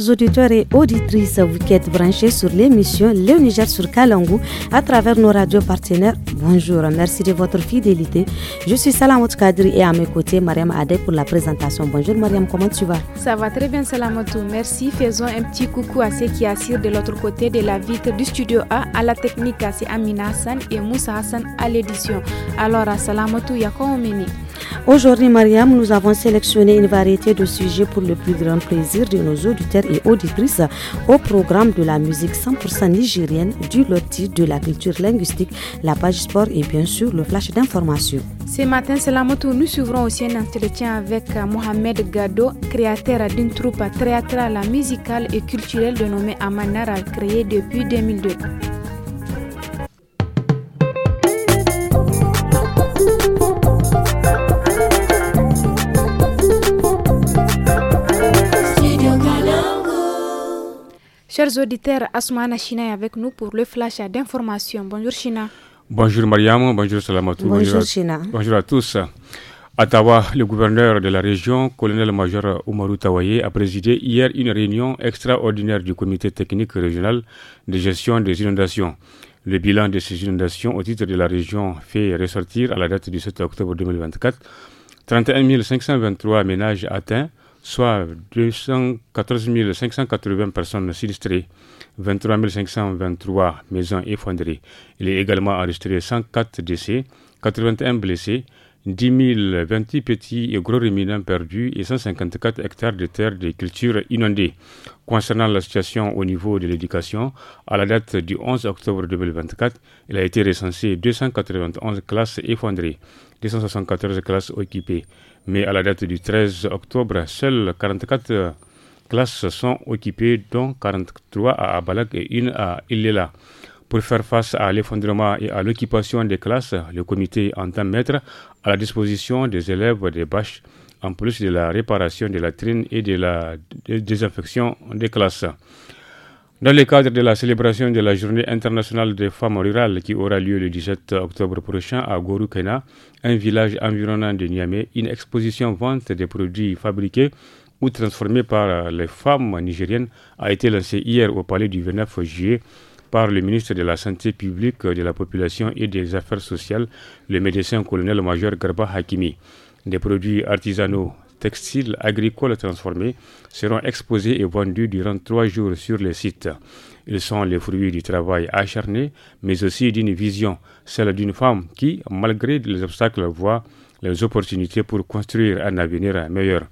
auditeurs et auditrices, vous qui êtes branchés sur l'émission Le Niger sur Kalangou à travers nos radios partenaires. Bonjour, merci de votre fidélité. Je suis Salamot Kadri et à mes côtés, Mariam Adé pour la présentation. Bonjour Mariam, comment tu vas Ça va très bien Salamotou, merci. Faisons un petit coucou à ceux qui assirent de l'autre côté de la vitre du studio A à la technique, c'est Amina Hassan et Moussa Hassan à l'édition. Alors, Salamotou, au Aujourd'hui, Mariam, nous avons sélectionné une variété de sujets pour le plus grand plaisir de nos auditeurs auditeurs et auditrices au programme de la musique 100% nigérienne, du loti, de la culture linguistique, la page sport et bien sûr le flash d'information. Ce matin, c'est la moto. Nous suivrons aussi un entretien avec Mohamed Gado, créateur d'une troupe théâtrale, musicale et culturelle dénommée Amanara, créée depuis 2002. Chers auditeurs, Asmana China est avec nous pour le flash d'information. Bonjour China. Bonjour Mariam, bonjour Salamatou. Bonjour, Bonjour à tous. À Tawa, le gouverneur de la région, colonel-major Oumarou Tawaye, a présidé hier une réunion extraordinaire du comité technique régional de gestion des inondations. Le bilan de ces inondations au titre de la région fait ressortir à la date du 7 octobre 2024 31 523 ménages atteints, soit 214 580 personnes sinistrées, 23 523 maisons effondrées. Il est également enregistré 104 décès, 81 blessés, 10 028 petits et gros ruminants perdus et 154 hectares de terres de culture inondées. Concernant la situation au niveau de l'éducation, à la date du 11 octobre 2024, il a été recensé 291 classes effondrées, 274 classes occupées, mais à la date du 13 octobre, seules 44 classes sont occupées, dont 43 à Abalak et une à Ilela. Pour faire face à l'effondrement et à l'occupation des classes, le comité entend mettre à la disposition des élèves des bâches, en plus de la réparation des latrines et de la désinfection des classes. Dans le cadre de la célébration de la Journée internationale des femmes rurales qui aura lieu le 17 octobre prochain à Gorukena, un village environnant de Niamey, une exposition vente des produits fabriqués ou transformés par les femmes nigériennes a été lancée hier au palais du 29 juillet par le ministre de la Santé publique, de la Population et des Affaires sociales, le médecin colonel-major Garba Hakimi. Des produits artisanaux textiles agricoles transformés seront exposés et vendus durant trois jours sur le site. Ils sont les fruits du travail acharné, mais aussi d'une vision, celle d'une femme qui, malgré les obstacles, voit les opportunités pour construire un avenir meilleur.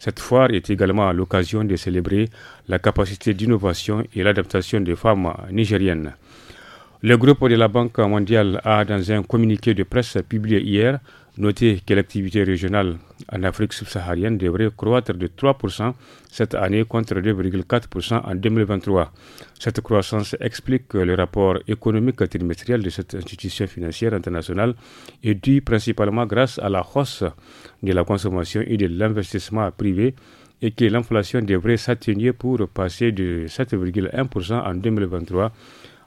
Cette foire est également l'occasion de célébrer la capacité d'innovation et l'adaptation des femmes nigériennes. Le groupe de la Banque mondiale a, dans un communiqué de presse publié hier, noté que l'activité régionale en Afrique subsaharienne devrait croître de 3% cette année contre 2,4% en 2023. Cette croissance explique que le rapport économique trimestriel de cette institution financière internationale est dû principalement grâce à la hausse de la consommation et de l'investissement privé et que l'inflation devrait s'atténuer pour passer de 7,1% en 2023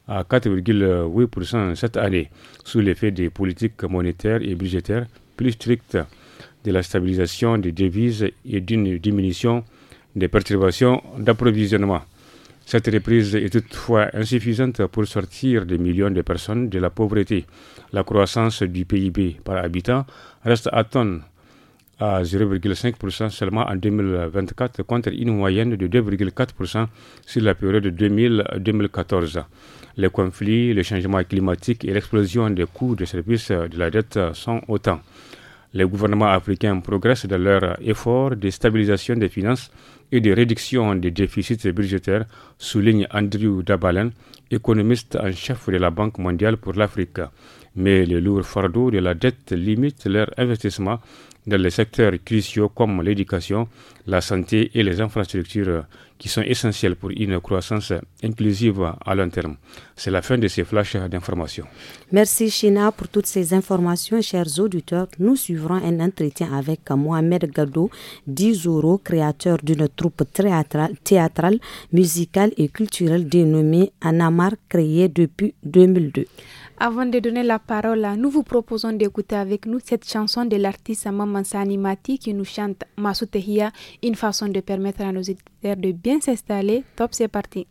à 4,8% cette année, sous l'effet des politiques monétaires et budgétaires plus strictes de la stabilisation des devises et d'une diminution des perturbations d'approvisionnement. Cette reprise est toutefois insuffisante pour sortir des millions de personnes de la pauvreté. La croissance du PIB par habitant reste à à 0,5% seulement en 2024 contre une moyenne de 2,4% sur la période 2000-2014. Les conflits, le changement climatique et l'explosion des coûts de services de la dette sont autant. Les gouvernements africains progressent dans leurs efforts de stabilisation des finances et de réduction des déficits budgétaires, souligne Andrew Dabalen, économiste en chef de la Banque mondiale pour l'Afrique. Mais le lourd fardeau de la dette limite leur investissement dans les secteurs cruciaux comme l'éducation, la santé et les infrastructures qui sont essentielles pour une croissance inclusive à long terme. C'est la fin de ces flashs d'informations. Merci China pour toutes ces informations, chers auditeurs. Nous suivrons un entretien avec Mohamed 10 euros, créateur d'une troupe théâtrale, théâtrale, musicale et culturelle dénommée Anamar, créée depuis 2002. Avant de donner la parole à nous, vous proposons d'écouter avec nous cette chanson de l'artiste Maman Sanimati qui nous chante Masutehia, une façon de permettre à nos éditeurs de bien s'installer. Top, c'est parti.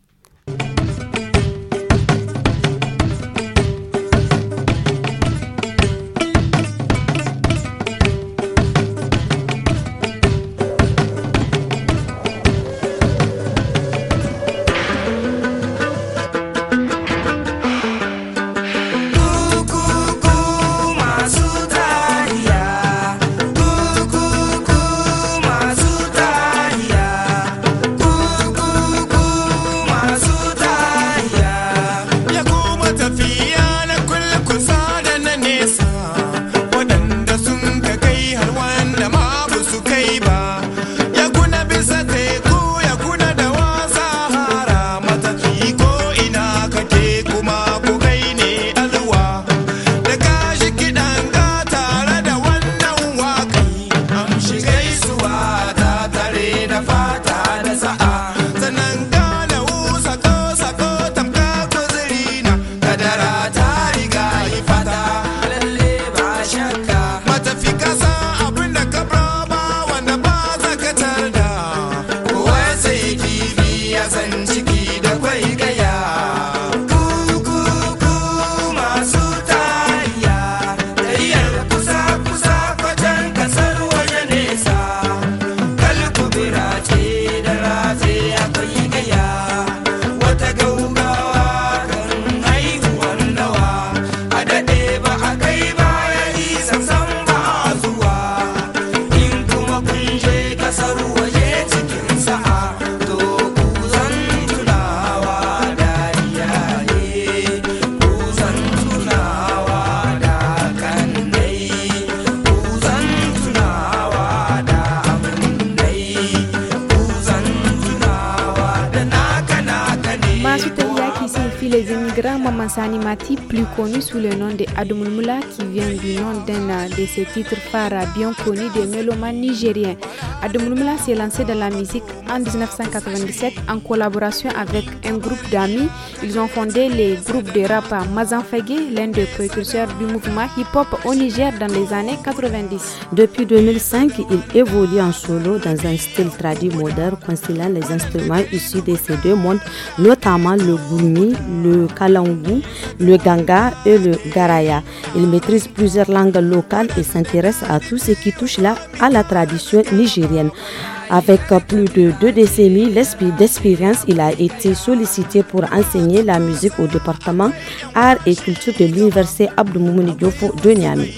c'était qui vient du nom d'un de ses titres phares bien connus des mélomanes nigériens. Moula s'est lancé dans la musique en 1997 en collaboration avec un groupe d'amis. Ils ont fondé les groupes de rap Mazan l'un des précurseurs du mouvement hip-hop au Niger dans les années 90. Depuis 2005, il évolue en solo dans un style traduit moderne conciliant les instruments issus de ces deux mondes, notamment le gourmi, le kalangu, le ganga et le gara il maîtrise plusieurs langues locales et s'intéresse à tout ce qui touche là à la tradition nigérienne. Avec plus de deux décennies d'expérience, il a été sollicité pour enseigner la musique au département Arts et Culture de l'Université Abdou Moumouni de Niamey.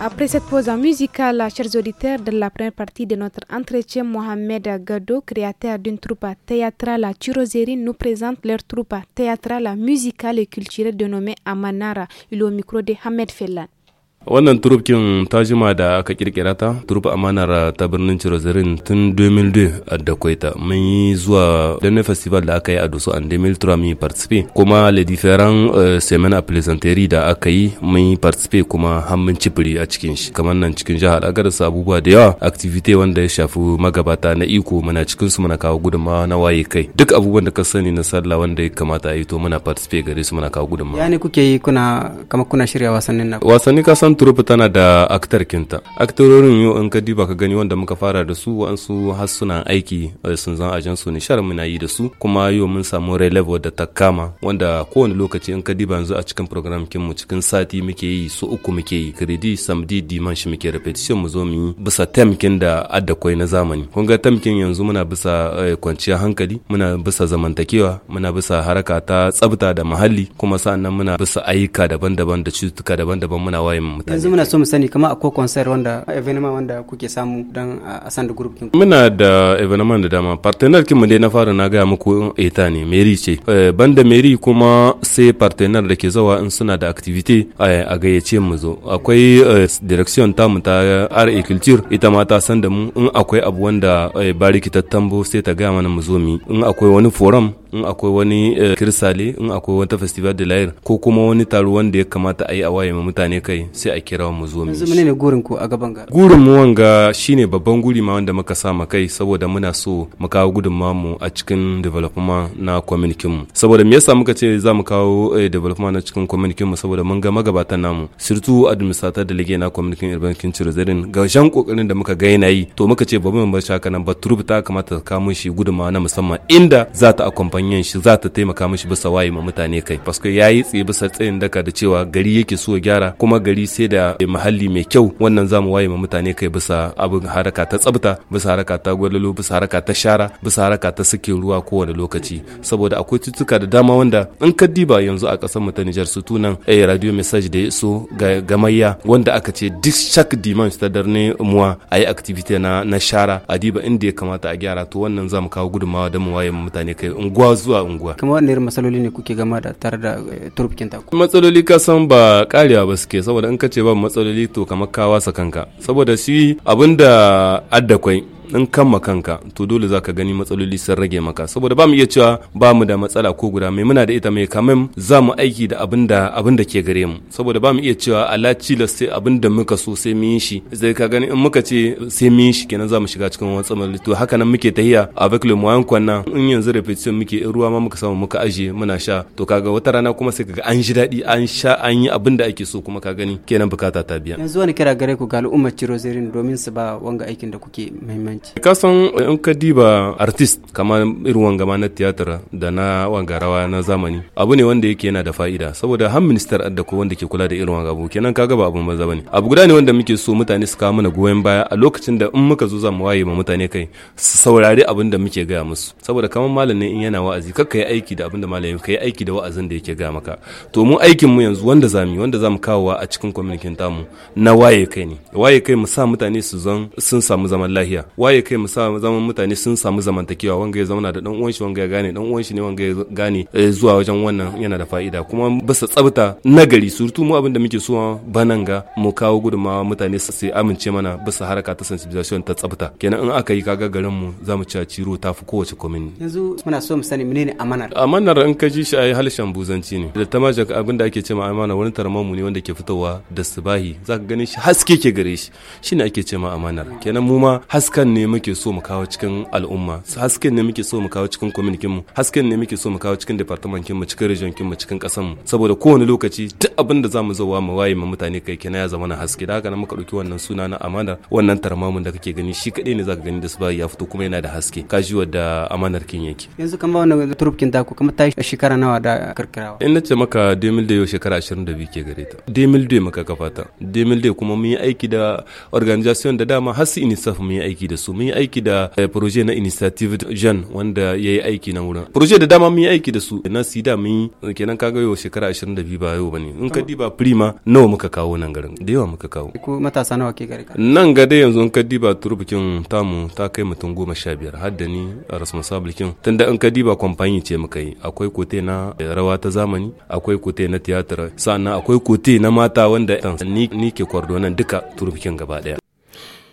après cette pause musicale, chers auditeurs, de la première partie de notre entretien, Mohamed Gado, créateur d'une troupe théâtrale turoserie nous présente leur troupe théâtrale musicale et culturelle dénommée Amanara. Il est au micro de Hamed Fellan. wannan turubkin ta jima da aka kirkira ta turub amanar ta birnin cirozirin tun 2002 a dakwaita mun yi zuwa dane festival da aka yi a dusu an 2003 mun yi participe kuma le different euh, semen a plaisanterie da aka yi mun yi participe kuma hannun cipiri a cikin shi kamar nan cikin jihar garisa abubuwa da yawa activity wanda ya shafi magabata na iko muna cikin su muna kawo gudunmawa na waye kai duk abubuwan da ka sani na sallah wanda ya kamata a yi to muna participe gare su muna kawo gudunmawa yani kuke yi kuna kama kuna shirya wasannin na wasanni ka san turufu tana da aktar kinta aktarorin yau in ka diba ka gani wanda muka fara da su wa'ansu har aiki eh, sun zan ajan su nishar muna yi da su kuma yau mun samu releve wadda ta kama wanda kowane lokaci in ka diba yanzu a cikin program kinmu cikin sati muke yi su uku muke yi kredi samdi dimanshi muke repetition mu zo mu yi bisa temkin da adda kwai na zamani kun ga temkin yanzu muna bisa eh, kwanciyar hankali muna bisa zamantakewa muna bisa haraka ta tsabta da muhalli kuma sa'annan muna bisa ayyuka daban-daban da cututtuka daban-daban muna waye mutane yanzu muna so mu sani kama akwai concert wanda evenement wanda kuke samu dan a sanda group kin muna da evenement da dama partner kin mu dai na fara na ga muku eta ne meri ce eh, banda meri kuma sai partner da ke zawa in suna da activity eh, a gayyace mu zo akwai eh, direction ta mu ta RA culture ita ma ta san da mu in akwai abu wanda bariki ta tambo sai ta ga mana mu zo mi in akwai wani forum in akwai wani eh, kirsale in akwai wata festival de lair ko kuma wani taro wanda ya kamata a yi a waye mutane kai sai a kira mu zo mu yanzu ne gurin ku a gaban ga gurin mu wanga shine babban guri ma wanda muka sa kai saboda muna so mu kawo gudunmawar mu a cikin development na community mu saboda me yasa muka ce za mu kawo eh, development na cikin community mu saboda mun ga magabatan namu surtout administrator lege na community urban kinchiro zarin ga shan kokarin da muka ga yana yi to muka ce ba mu bar shaka nan ba turubu ta kamata ka mun shi gudunmawa na musamman inda za ta accompany wajen yin shi za ta taimaka mishi bisa waye ma mutane kai paske ya yi tsaye bisa tsayin daka da cewa gari yake so gyara kuma gari sai da muhalli mai kyau wannan zamu waye ma mutane kai bisa abin haraka ta tsabta bisa haraka ta gwalalo bisa haraka ta shara bisa haraka ta sake ruwa kowane lokaci saboda akwai cututtuka da dama wanda in ka diba yanzu a kasar mu ta Nijar su tunan eh radio message da ya iso ga gamayya wanda aka ce dis chaque dimanche ta darne muwa yi activity na na shara a diba inda ya kamata a gyara to wannan zamu kawo gudunmawa da mu waye ma mutane kai unguwa unguwa zuwa unguwa kuma wani irin matsaloli ne kuke gama da tare da eh, turbikin taku matsaloli ka san ba karewa ba suke saboda in ka ce ba matsaloli to kamar ka wasa kanka saboda shi abinda addakwai in kan kanka to dole za ka gani matsaloli sun rage maka saboda ba mu iya cewa ba mu da matsala ko guda mai muna da ita mai kamar za mu aiki da abin da abin da ke gare mu saboda ba mu iya cewa ala cilas sai abin da muka so sai mu yi shi zai ka gani in muka ce sai mu yi shi kenan za mu shiga cikin wani tsamar to haka nan muke tahiya a bakle mu kwanna in yanzu repetition muke in ruwa ma muka samu muka aje muna sha to kaga wata rana kuma sai kaga an ji daɗi an sha an yi abin da ake so kuma ka gani kenan bukata ta biya yanzu wani kira gare ku ga al'ummar zirin domin su ba wanga aikin da kuke muhimmanci hanci ka san in ka diba artist kamar irin wanga ma na tiyatar da na wanga rawa na zamani abu ne wanda yake yana da fa'ida saboda har minister adda ko wanda ke kula da irin wanga abu kenan kaga ba abun banza bane abu guda ne wanda muke so mutane su kawo mana goyon baya a lokacin da in muka zo zamu waye ma mutane kai su saurari abin da muke gaya musu saboda kamar malam ne in yana wa'azi kar ka yi aiki da abin da malam ka yi aiki da wa'azin da yake gaya maka to mu aikin mu yanzu wanda zamu wanda zamu kawowa a cikin kwamitin tamu na waye kai ne waye kai mu sa mutane su zan sun samu zaman lahiya waye kai mu zaman mutane sun samu zamantakewa wanga ya zauna da dan uwan shi wanga ya gane dan uwan shi ne wanga ya gane eh, zuwa wajen wannan yana da fa'ida kuma basa tsabta nagari surtu mu abin da muke so bananga mu kawo gudunmawa mutane su sai amince mana basa haraka ta sensibilization ta tsabta kenan in aka yi kaga garin mu zamu ci ciro ta fi kowace komini yanzu muna so mu sani menene amanar amanar in ka ji shi ai halshen buzanci ne da tamaja abin da ake cewa amana wani mu ne wanda ke fitowa da subahi zaka ganin shi haske ke gare shi shine ake cewa amanar kenan mu ma haskan ne muke so mu kawo cikin al'umma hasken ne muke so mu kawo cikin community mu hasken ne muke so mu kawo cikin department mu cikin region mu cikin kasan mu saboda kowane lokaci duk abin da zamu zauwa mu waye mu mutane kai kina ya zama na haske da haka nan muka dauki wannan suna na amana wannan tarmamun da kake gani shi kadai ne zaka gani da su ba ya fito kuma yana da haske ka ji wadda amanar kin yake yanzu kamar wannan turupkin da ku kamar ta shekara nawa da karkirawa in nace maka 2000 shekara 22 ke gare ta 2000 maka kafa ta 2000 kuma mun yi aiki da organization da dama har su inisaf mun yi aiki da su su mun yi aiki da eh, proje na initiative jan wanda ya yi aiki na wurin proje da dama mun yi aiki da su na sida mun yi kenan kaga yau shekara 22 ba yau bane in ka diba prima nawa muka kawo nan garin da yawa muka kawo ko matasa nawa ke gari nan ga dai yanzu in ka diba turbikin tamu ta kai mutum goma sha biyar har da ni a responsible kin tunda in ka diba kwamfani ce muka yi akwai kote na eh, rawa ta zamani akwai kote na tiyatar sannan akwai kote na mata wanda ni ke kwardo nan duka turbikin gaba daya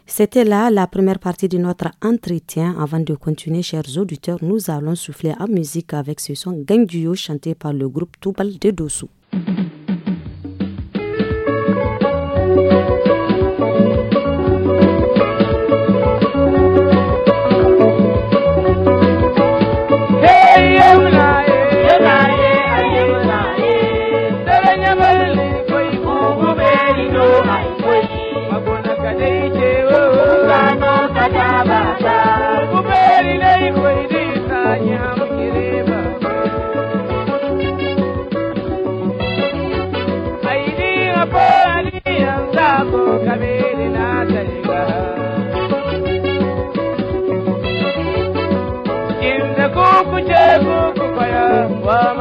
C'était là la première partie de notre entretien. Avant de continuer, chers auditeurs, nous allons souffler en musique avec ce son duo chanté par le groupe Toubal de Dossou.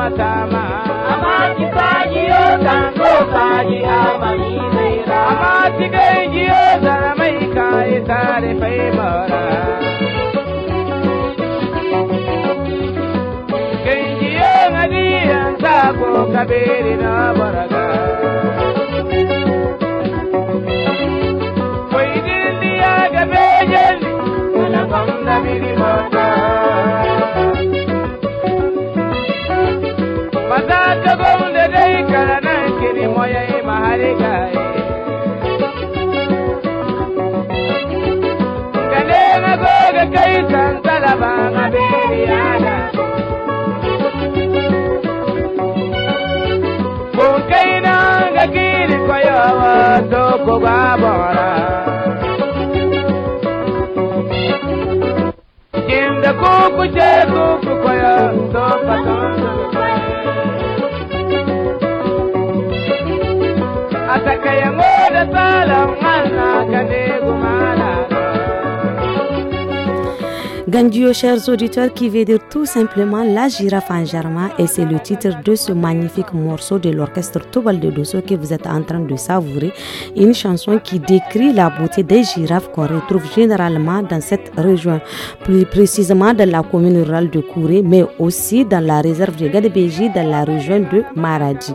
matama amma ki sajiyo kan go saji amani mai ra amma ki gai kai tare fai mara gai jiyo ngadi an ko kabiri na baraga Jinda kuku je kuku koyo, topa Gandio, chers auditeurs, qui veut dire tout simplement la girafe en germain, et c'est le titre de ce magnifique morceau de l'orchestre Tobal de Dosso que vous êtes en train de savourer. Une chanson qui décrit la beauté des girafes qu'on retrouve généralement dans cette région, plus précisément dans la commune rurale de Kouré, mais aussi dans la réserve de Gadebéji, dans la région de Maradi.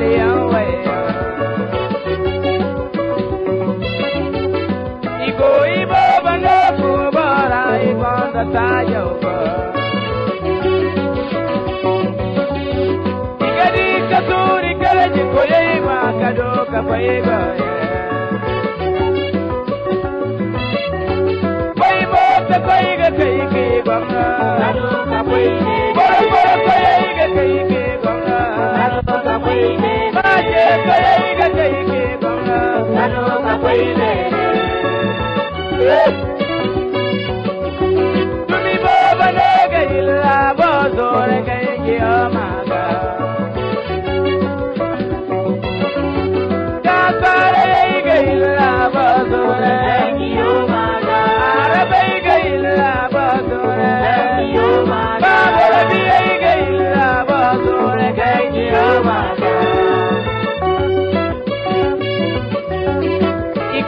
Bye. ce kalai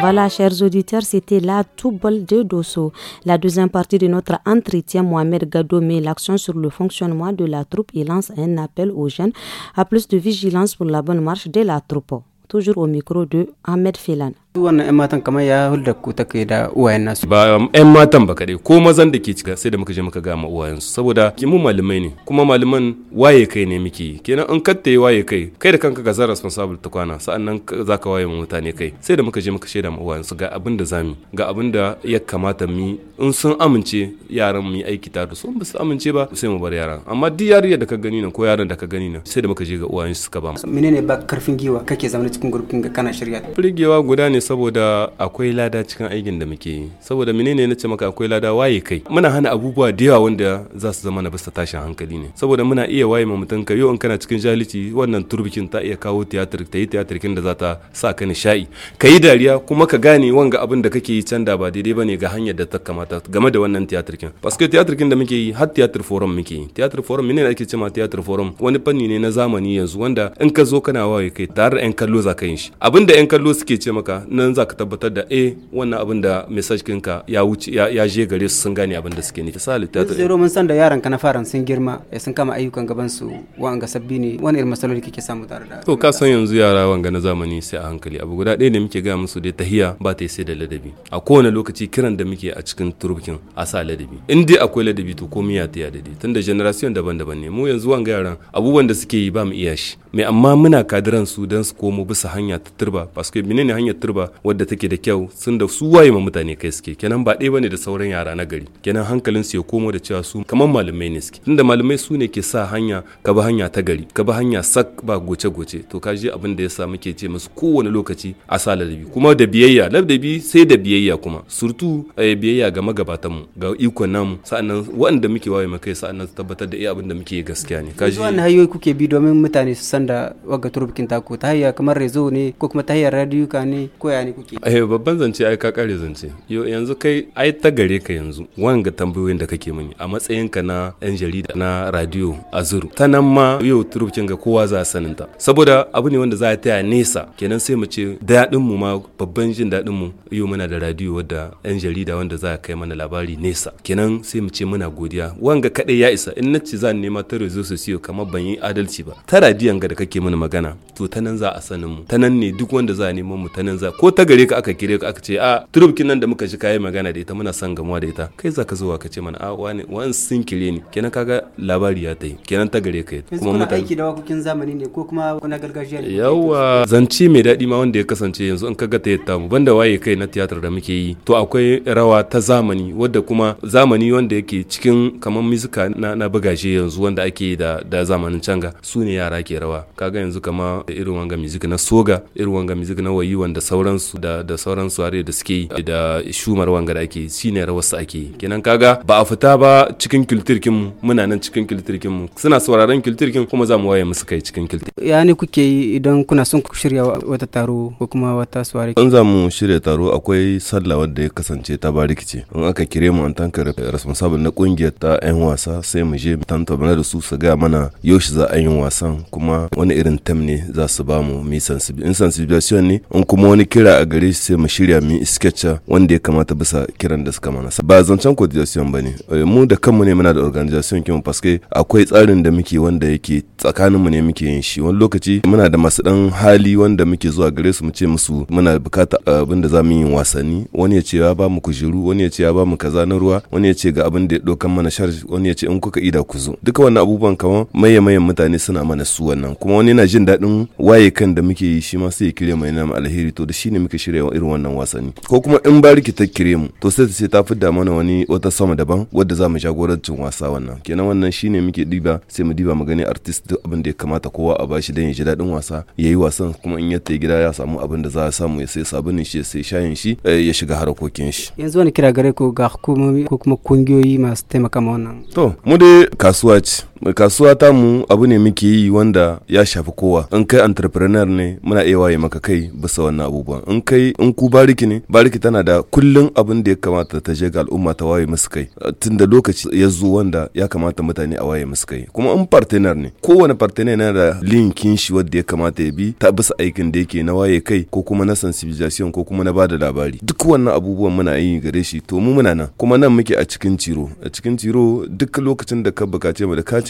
Voilà, chers auditeurs, c'était la toubelle de Dosso. La deuxième partie de notre entretien, Mohamed Gado met l'action sur le fonctionnement de la troupe et lance un appel aux jeunes à plus de vigilance pour la bonne marche de la troupe. Toujours au micro de Ahmed Félan. wannan 'yan matan kamar ya hulda ku ta kai da uwayen nasu ba 'yan um, matan ba kaɗai ko mazan da ke cika sai da muka je muka gama ma uwayensu saboda ki mu malamai ne kuma malaman waye kai ne muke yi kenan an katta waye kai kai da kanka ka zara responsible ta kwana sa'annan za ka waye mutane kai sai da muka je muka shaida ma uwayensu ga abin da zamu ga abin da ya kamata mu in sun amince yaran mu aiki tare da su ba su amince ba sai mu bar yaran amma duk yariyar da ka gani nan ko yaran da ka gani nan sai da muka je ga uwayensu suka ba mu menene ba karfin giwa kake zama cikin gurbin kana shirya firgewa guda ne saboda akwai lada cikin aikin da muke yi saboda menene na ce maka akwai lada waye kai muna hana abubuwa da yawa wanda za su zama na bisa tashin hankali ne saboda muna iya waye ma mutum ka yau in kana cikin jahilci wannan turbikin ta iya kawo tiyatar ta yi tiyatar kin da za ta sa ka nishaɗi ka yi dariya kuma ka gane wanga abin da kake yi can ba daidai bane ga hanyar da ta kamata game da wannan tiyatar kin paske tiyatar kin da muke yi har tiyatar forum muke yi tiyatar forum menene ake cewa tiyatar forum wani fanni ne na zamani yanzu wanda in ka zo kana waye kai tare da yan kallo za ka yin shi abin da yan kallo suke ce maka nan za ka tabbatar da eh wannan abin da message ka ya wuce ya je gare su sun gane abin da suke nufi sa ta. zero mun san da yaran ka na fara sun girma eh, sun kama ayyukan gaban su wa'anga sabbi ne wani irin matsaloli kake samu tare da to ka san yanzu yara wanga na zamani sai a hankali abu guda ɗaya ne muke gaya musu dai tahiya ba ta sai da ladabi a kowane lokaci kiran da muke a cikin turbukin a sa ladabi in dai akwai ladabi to komai ya ta tun tunda generation daban-daban ne mu yanzu wanga yaran abubuwan da suke yi ba mu iya shi mai amma muna kadiran su dan su komo bisa hanya ta turba paske menene hanyar turba ba wadda take da kyau sun da su waye ma mutane kai suke kenan ba ɗaya bane da sauran yara na gari kenan hankalin su ya komo da cewa su kamar malamai ne suke tunda malamai su ne ke sa hanya ka bi hanya ta gari ka bi hanya sak ba goce goce to ka ji abin da yasa muke ce musu kowane lokaci a sa ladabi kuma da biyayya ladabi sai da biyayya kuma surtu eh, biyayya ga magabatan mu ga ikon namu sa'annan wanda muke waye kai sa'annan tabbatar da iya abin da muke gaskiya ne ji wannan hayoyi kuke bi domin mutane su san da wagga turbikin taku ta hayya kamar rezo ne ko kuma ta hayya radio ka ne ko koya kuke eh babban zance ai ka kare zance yo yanzu kai ai ta gare ka yanzu wanga tambayoyin da kake mini a matsayin ka na yan jarida na radio azuru ta nan ma yau turubcin ga kowa za sanin ta saboda abu ne wanda za a taya nesa kenan sai mu ce dadin mu ma babban jin daɗin mu yau muna da radio wadda yan jarida wanda za a kai mana labari nesa kenan sai mu ce muna godiya wanga kadai ya isa in nace zan nema ta rezo siyo kamar ban yi adalci ba ta radiyon ga da kake mini magana to ta nan za a sanin mu ta nan ne duk wanda za a neman mu ta nan za ko ta gare ka aka kire ka aka ce a kin nan da muka ji kai magana da ita muna son gamuwa da ita kai za ka zo ka ce mana a wani wani sun kire ni kenan kaga labari ya ta kenan ta gare ka kuma mutane aiki da wakokin zamani ne ko kuma kuna gargajiya ne yawa zance mai daɗi ma wanda ya kasance yanzu in kaga ta yatta mu banda waye kai na tiyatar da muke yi to akwai rawa ta zamani wadda kuma zamani wanda yake cikin kamar muzika na, na bugashe yanzu wanda ake da da zamanin canga su ne yara ke rawa kaga yanzu kama irin wanga mizika na soga irin wanga mizika na wayi wanda sauran sauransu da da sauran suware da suke da shumar wanga da ake shine rawar su ake kenan kaga ba a fita ba cikin kiltirkin mu muna nan cikin kiltirkin mu suna sauraron kiltirkin kuma za mu waye musu kai cikin kiltir ya ne kuke yi idan kuna son ku shirya wata taro ko kuma wata suware an za mu shirya taro akwai sallah wanda ya kasance ta bariki ce in aka kire mu an tanka responsible na kungiyar ta yan wasa sai mu je tantabana da su su ga mana yaushe za a yi wasan kuma wani irin tam ne za su ba mu mi sensibilisation ne in kuma wani kira kira a gare sai mu shirya mu sketcher wanda ya kamata bisa kiran da suka mana ba zancen coordination ne eh, mu da kanmu ne muna da organization kin paske akwai tsarin da muke wanda yake tsakaninmu ne muke yin shi wani lokaci muna da masu dan hali wanda muke zuwa gare su mu ce musu muna bukata eh, abin da za mu yi wasanni wani ya ce ya ba mu kujeru wani ya ce ya ba mu kaza na ruwa wani ya ce ga abin da ya dokan mana shar wani ya ce in kuka ida ku zo duka wannan abubuwan kamar maye mayan mutane suna mana su wannan kuma wani yana jin daɗin waye kan da muke yi shi ma sai ya kire mai nama alheri to da ne muke shirya irin wannan wasanni ko kuma in bariki ta kire mu to sai ta ce ta fidda mana wani wata sama daban wadda za mu jagorancin wasa wannan kenan wannan shi ne muke diba sai mu diba mu gani artist duk abin da ya kamata kowa a bashi don ya ji daɗin wasa yayi wasan kuma in ya ta gida ya samu abin da za a samu ya sai sabunin shi ya sai shayin shi eh, ya shiga harkokin shi yanzu wani kira gare ko ga hukumomi ko kuma kungiyoyi masu taimaka ma wannan to mu dai kasuwa ce kasuwa ta mu abu ne muke yi wanda ya shafi kowa in kai entrepreneur ne muna iya waye maka kai bisa wannan abubuwan in kai in ku bariki ne bariki tana da kullun abin da ya kamata ta je ga al'umma ta waye musu kai tun da lokaci ya zo wanda ya kamata mutane a waye musu kai kuma in partner ne kowane partner yana da linkin shi wanda ya kamata ya bi ta bisa aikin da yake na waye kai ko kuma na sensibilisation ko kuma na bada labari duk wannan abubuwan muna yi gare shi to mu muna nan kuma nan muke a cikin ciro a cikin ciro duk lokacin da ka bukace mu da ka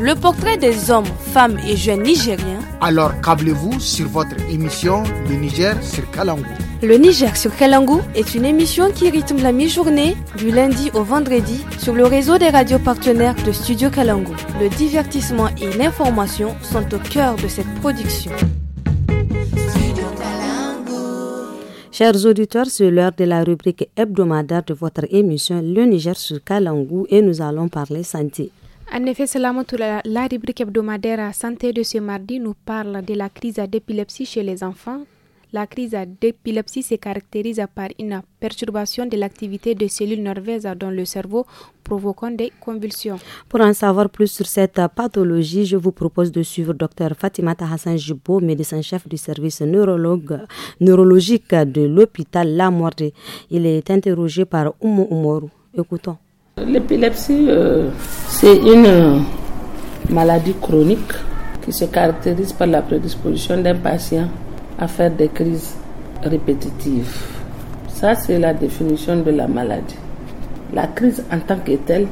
le portrait des hommes, femmes et jeunes nigériens. Alors câblez-vous sur votre émission Le Niger sur Kalangou. Le Niger sur Kalangou est une émission qui rythme la mi-journée du lundi au vendredi sur le réseau des radios partenaires de Studio Kalangou. Le divertissement et l'information sont au cœur de cette production. Chers auditeurs, c'est l'heure de la rubrique hebdomadaire de votre émission Le Niger sur Kalangou et nous allons parler santé. En effet, cela la, la rubrique hebdomadaire santé de ce mardi nous parle de la crise d'épilepsie chez les enfants. La crise d'épilepsie se caractérise par une perturbation de l'activité des cellules nerveuses dans le cerveau, provoquant des convulsions. Pour en savoir plus sur cette pathologie, je vous propose de suivre Dr Fatimata Hassan jubo médecin-chef du service neurologique de l'hôpital La Moire. Il est interrogé par Oumou Oumoru. Écoutons. L'épilepsie, euh, c'est une euh, maladie chronique qui se caractérise par la prédisposition d'un patient à faire des crises répétitives. Ça, c'est la définition de la maladie. La crise en tant que telle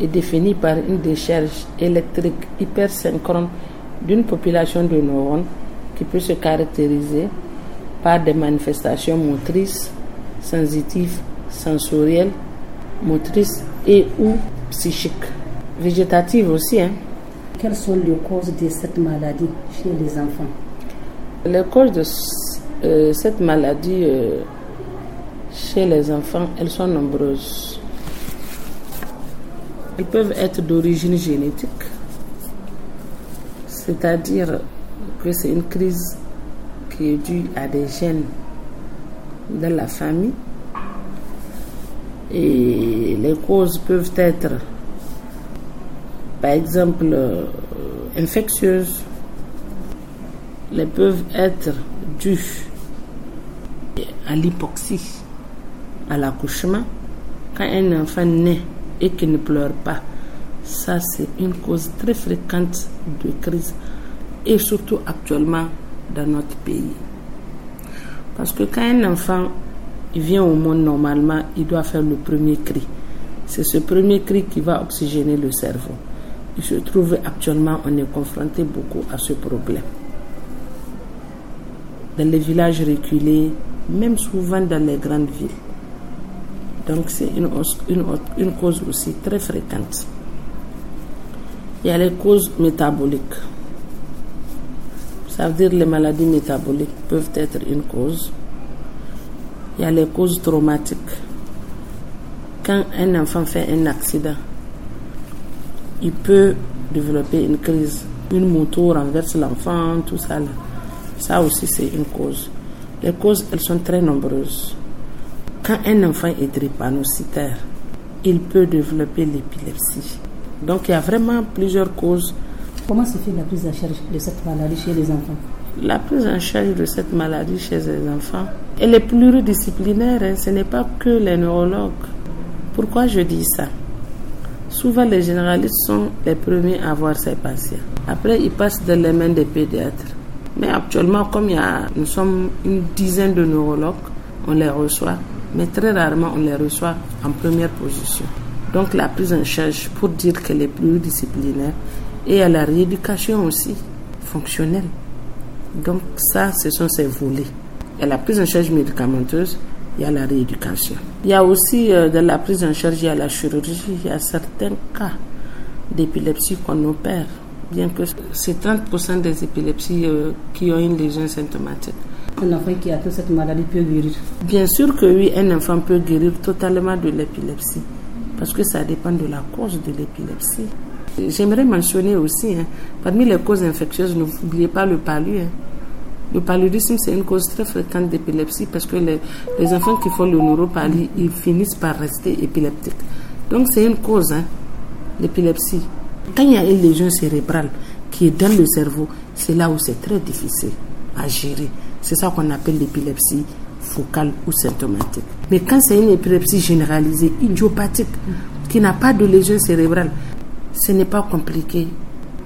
est définie par une décharge électrique hypersynchrone d'une population de neurones qui peut se caractériser par des manifestations motrices, sensitives, sensorielles motrice et ou psychique, végétative aussi. Hein. Quelles sont les causes de cette maladie chez les enfants Les causes de euh, cette maladie euh, chez les enfants, elles sont nombreuses. Elles peuvent être d'origine génétique, c'est-à-dire que c'est une crise qui est due à des gènes de la famille et les causes peuvent être, par exemple, euh, infectieuses. Elles peuvent être dues à l'hypoxie, à l'accouchement. Quand un enfant naît et qu'il ne pleure pas, ça c'est une cause très fréquente de crise et surtout actuellement dans notre pays. Parce que quand un enfant il vient au monde normalement, il doit faire le premier cri. C'est ce premier cri qui va oxygéner le cerveau. Il se trouve actuellement, on est confronté beaucoup à ce problème. Dans les villages reculés, même souvent dans les grandes villes. Donc c'est une, une, cause aussi très fréquente. Il y a les causes métaboliques. Ça veut dire les maladies métaboliques peuvent être une cause il y a les causes traumatiques. Quand un enfant fait un accident, il peut développer une crise. Une moto renverse l'enfant, tout ça. Là. Ça aussi, c'est une cause. Les causes, elles sont très nombreuses. Quand un enfant est drépanocytaire, il peut développer l'épilepsie. Donc, il y a vraiment plusieurs causes. Comment se fait la prise en charge de cette maladie chez les enfants La prise en charge de cette maladie chez les enfants, elle est pluridisciplinaire, hein, ce n'est pas que les neurologues. Pourquoi je dis ça Souvent, les généralistes sont les premiers à voir ces patients. Après, ils passent dans les mains des pédiatres. Mais actuellement, comme il y a, nous sommes une dizaine de neurologues, on les reçoit, mais très rarement on les reçoit en première position. Donc la prise en charge, pour dire qu'elle est pluridisciplinaire, et à la rééducation aussi, fonctionnelle. Donc ça, ce sont ces volets y a la prise en charge médicamenteuse, il y a la rééducation. Il y a aussi euh, de la prise en charge, il y a la chirurgie, il y a certains cas d'épilepsie qu'on opère, bien que c'est 30% des épilepsies euh, qui ont une lésion symptomatique. Un enfant qui a toute cette maladie peut guérir Bien sûr que oui, un enfant peut guérir totalement de l'épilepsie, parce que ça dépend de la cause de l'épilepsie. J'aimerais mentionner aussi, hein, parmi les causes infectieuses, n'oubliez pas le palu. Hein. Le paludisme, c'est une cause très fréquente d'épilepsie parce que les, enfants qui font le neuropalie, ils finissent par rester épileptiques. Donc, c'est une cause, hein, l'épilepsie. Quand il y a une lésion cérébrale qui est dans le cerveau, c'est là où c'est très difficile à gérer. C'est ça qu'on appelle l'épilepsie focale ou symptomatique. Mais quand c'est une épilepsie généralisée, idiopathique, qui n'a pas de lésion cérébrale, ce n'est pas compliqué.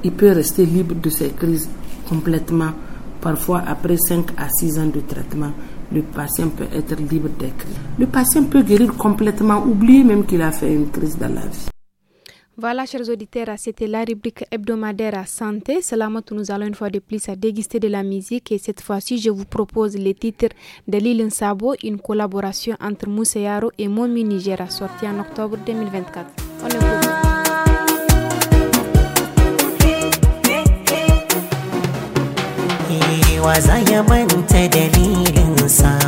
Il peut rester libre de ses crises complètement. Parfois, après 5 à 6 ans de traitement, le patient peut être libre d'être. Le patient peut guérir complètement, oublier même qu'il a fait une crise dans la vie. Voilà, chers auditeurs, c'était la rubrique hebdomadaire à santé. que nous allons une fois de plus à déguster de la musique et cette fois-ci, je vous propose les titres de Lilin Sabo, une collaboration entre Mousseyaro et Momi Niger, sorti en octobre 2024. wa za ya manta dalilinsa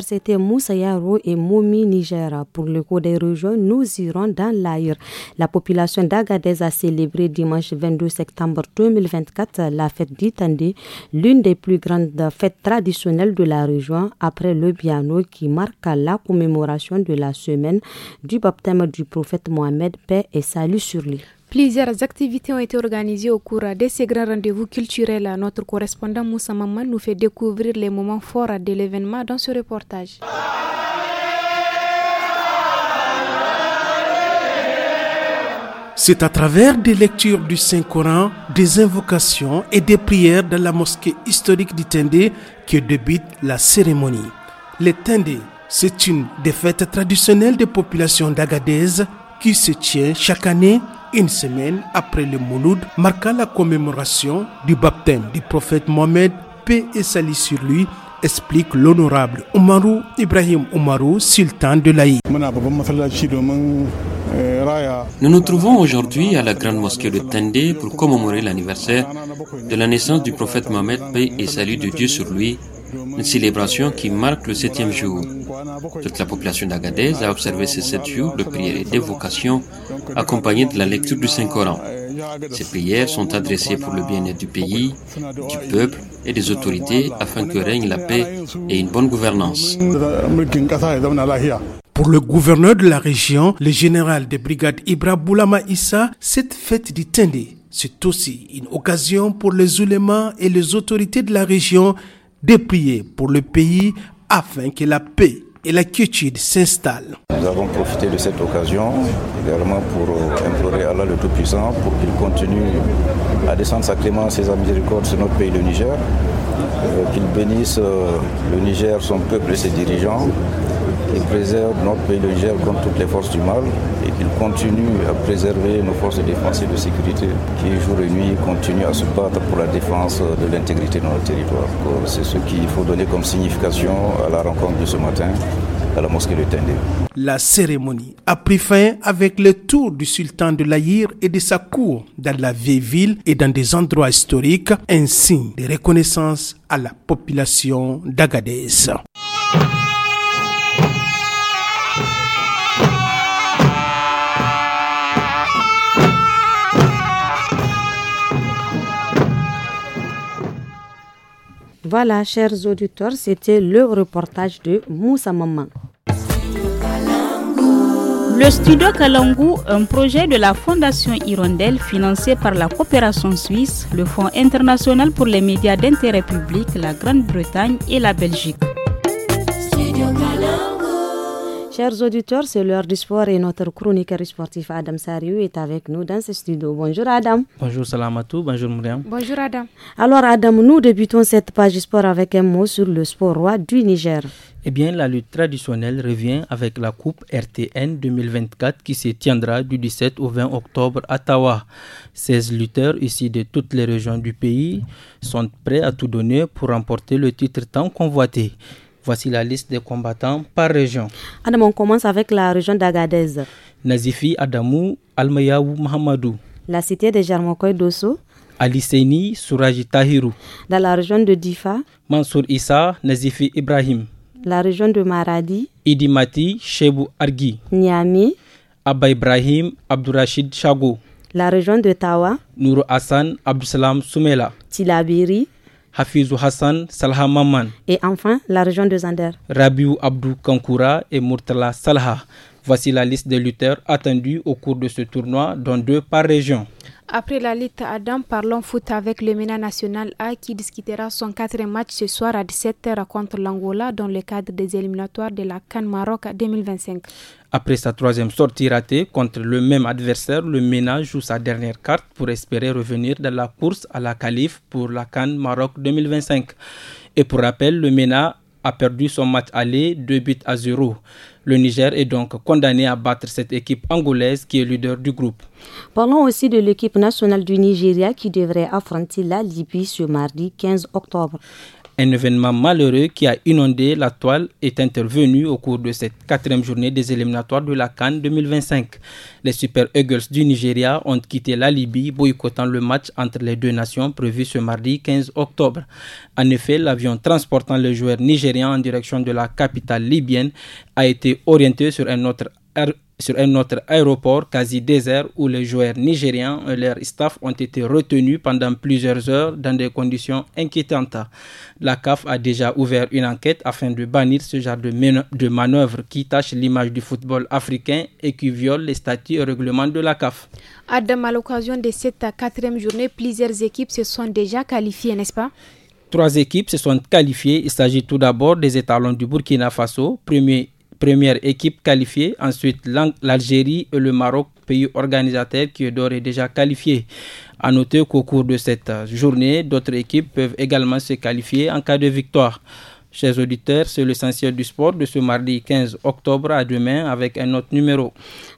c'était Moussa et Momi Niger. Pour le coup des régions, nous irons dans l'air. La population d'Agadez a célébré dimanche 22 septembre 2024 la fête d'Itandé, l'une des plus grandes fêtes traditionnelles de la région après le piano qui marque la commémoration de la semaine du baptême du prophète Mohamed, paix et salut sur lui. Plusieurs activités ont été organisées au cours de ces grands rendez-vous culturels. Notre correspondant Moussa Maman nous fait découvrir les moments forts de l'événement dans ce reportage. C'est à travers des lectures du Saint-Coran, des invocations et des prières dans la mosquée historique du Tendé que débute la cérémonie. Le Tendé, c'est une des fêtes traditionnelles des populations d'Agadez qui se tient chaque année une semaine après le Mouloud, marquant la commémoration du baptême du prophète Mohamed, paix et salut sur lui, explique l'honorable Omarou Ibrahim Omarou, sultan de l'Aïe. Nous nous trouvons aujourd'hui à la grande mosquée de Tendé pour commémorer l'anniversaire de la naissance du prophète Mohamed, paix et salut de Dieu sur lui, une célébration qui marque le septième jour. Toute la population d'Agadez a observé ces sept jours de prières et d'évocation accompagnées de la lecture du Saint-Coran. Ces prières sont adressées pour le bien-être du pays, du peuple et des autorités afin que règne la paix et une bonne gouvernance. Pour le gouverneur de la région, le général des brigades Ibra Boulama Issa, cette fête du Tendé, c'est aussi une occasion pour les oulémas et les autorités de la région de prier pour le pays afin que la paix et la quiétude s'installent. Nous avons profité de cette occasion également pour euh, implorer Allah le Tout-Puissant pour qu'il continue à descendre sa clémence et sa miséricorde sur notre pays, le Niger, euh, qu'il bénisse euh, le Niger, son peuple et ses dirigeants, qu'il préserve notre pays, le Niger, contre toutes les forces du mal et qu'il continue à préserver nos forces de défense et de sécurité qui, jour et nuit, continuent à se battre pour la défense euh, de l'intégrité de notre territoire. C'est ce qu'il faut donner comme signification à la rencontre de ce matin la La cérémonie a pris fin avec le tour du sultan de l'Aïr et de sa cour dans la vieille ville et dans des endroits historiques, un signe de reconnaissance à la population d'Agadez. Voilà, chers auditeurs, c'était le reportage de Moussa Maman. Le studio Kalangu, un projet de la Fondation Hirondelle financé par la coopération suisse, le Fonds international pour les médias d'intérêt public, la Grande-Bretagne et la Belgique. Chers auditeurs, c'est l'heure du sport et notre chroniqueur sportif Adam Sariou est avec nous dans ce studio. Bonjour Adam. Bonjour Salamatou, bonjour Mouriam. Bonjour Adam. Alors Adam, nous débutons cette page du sport avec un mot sur le sport roi du Niger. Eh bien, la lutte traditionnelle revient avec la Coupe RTN 2024 qui se tiendra du 17 au 20 octobre à Tawa. 16 lutteurs ici de toutes les régions du pays sont prêts à tout donner pour remporter le titre tant convoité. Voici la liste des combattants par région. Adam, on commence avec la région d'Agadez. Nazifi Adamou, Almayaou Mahamadou. La cité de Jarmokoy Dosso. Aliseni Souraji Tahirou. Dans la région de Difa. Mansour Issa Nazifi Ibrahim. La région de Maradi. Idimati Chebou Argi. Niami. Abba Ibrahim Abdurachid, Chago. La région de Tawa. Nourou Hassan Salam Soumela. Tilabiri. Hafizou Hassan Salha Maman. Et enfin, la région de Zander. Rabiou Abdou Kankura et Murtala Salha. Voici la liste des lutteurs attendus au cours de ce tournoi, dont deux par région. Après la lutte Adam, parlons foot avec le MENA National A qui discutera son quatrième match ce soir à 17h contre l'Angola dans le cadre des éliminatoires de la Cannes Maroc 2025. Après sa troisième sortie ratée contre le même adversaire, le MENA joue sa dernière carte pour espérer revenir dans la course à la calife pour la Cannes Maroc 2025. Et pour rappel, le MENA a perdu son match aller 2 buts à 0. Le Niger est donc condamné à battre cette équipe angolaise qui est leader du groupe. Parlons aussi de l'équipe nationale du Nigeria qui devrait affronter la Libye ce mardi 15 octobre. Un événement malheureux qui a inondé la toile est intervenu au cours de cette quatrième journée des éliminatoires de la Cannes 2025. Les Super Eagles du Nigeria ont quitté la Libye, boycottant le match entre les deux nations prévu ce mardi 15 octobre. En effet, l'avion transportant les joueurs nigériens en direction de la capitale libyenne a été orienté sur un autre sur un autre aéroport quasi désert où les joueurs nigériens et leur staff ont été retenus pendant plusieurs heures dans des conditions inquiétantes. La CAF a déjà ouvert une enquête afin de bannir ce genre de, de manœuvre qui tâche l'image du football africain et qui viole les statuts et règlements de la CAF. Adam, à l'occasion de cette quatrième journée, plusieurs équipes se sont déjà qualifiées, n'est-ce pas Trois équipes se sont qualifiées. Il s'agit tout d'abord des étalons du Burkina Faso, premier première équipe qualifiée, ensuite l'Algérie et le Maroc, pays organisateur qui est d'ores et déjà qualifié. A noter qu'au cours de cette euh, journée, d'autres équipes peuvent également se qualifier en cas de victoire. Chers auditeurs, c'est l'essentiel du sport de ce mardi 15 octobre à demain avec un autre numéro.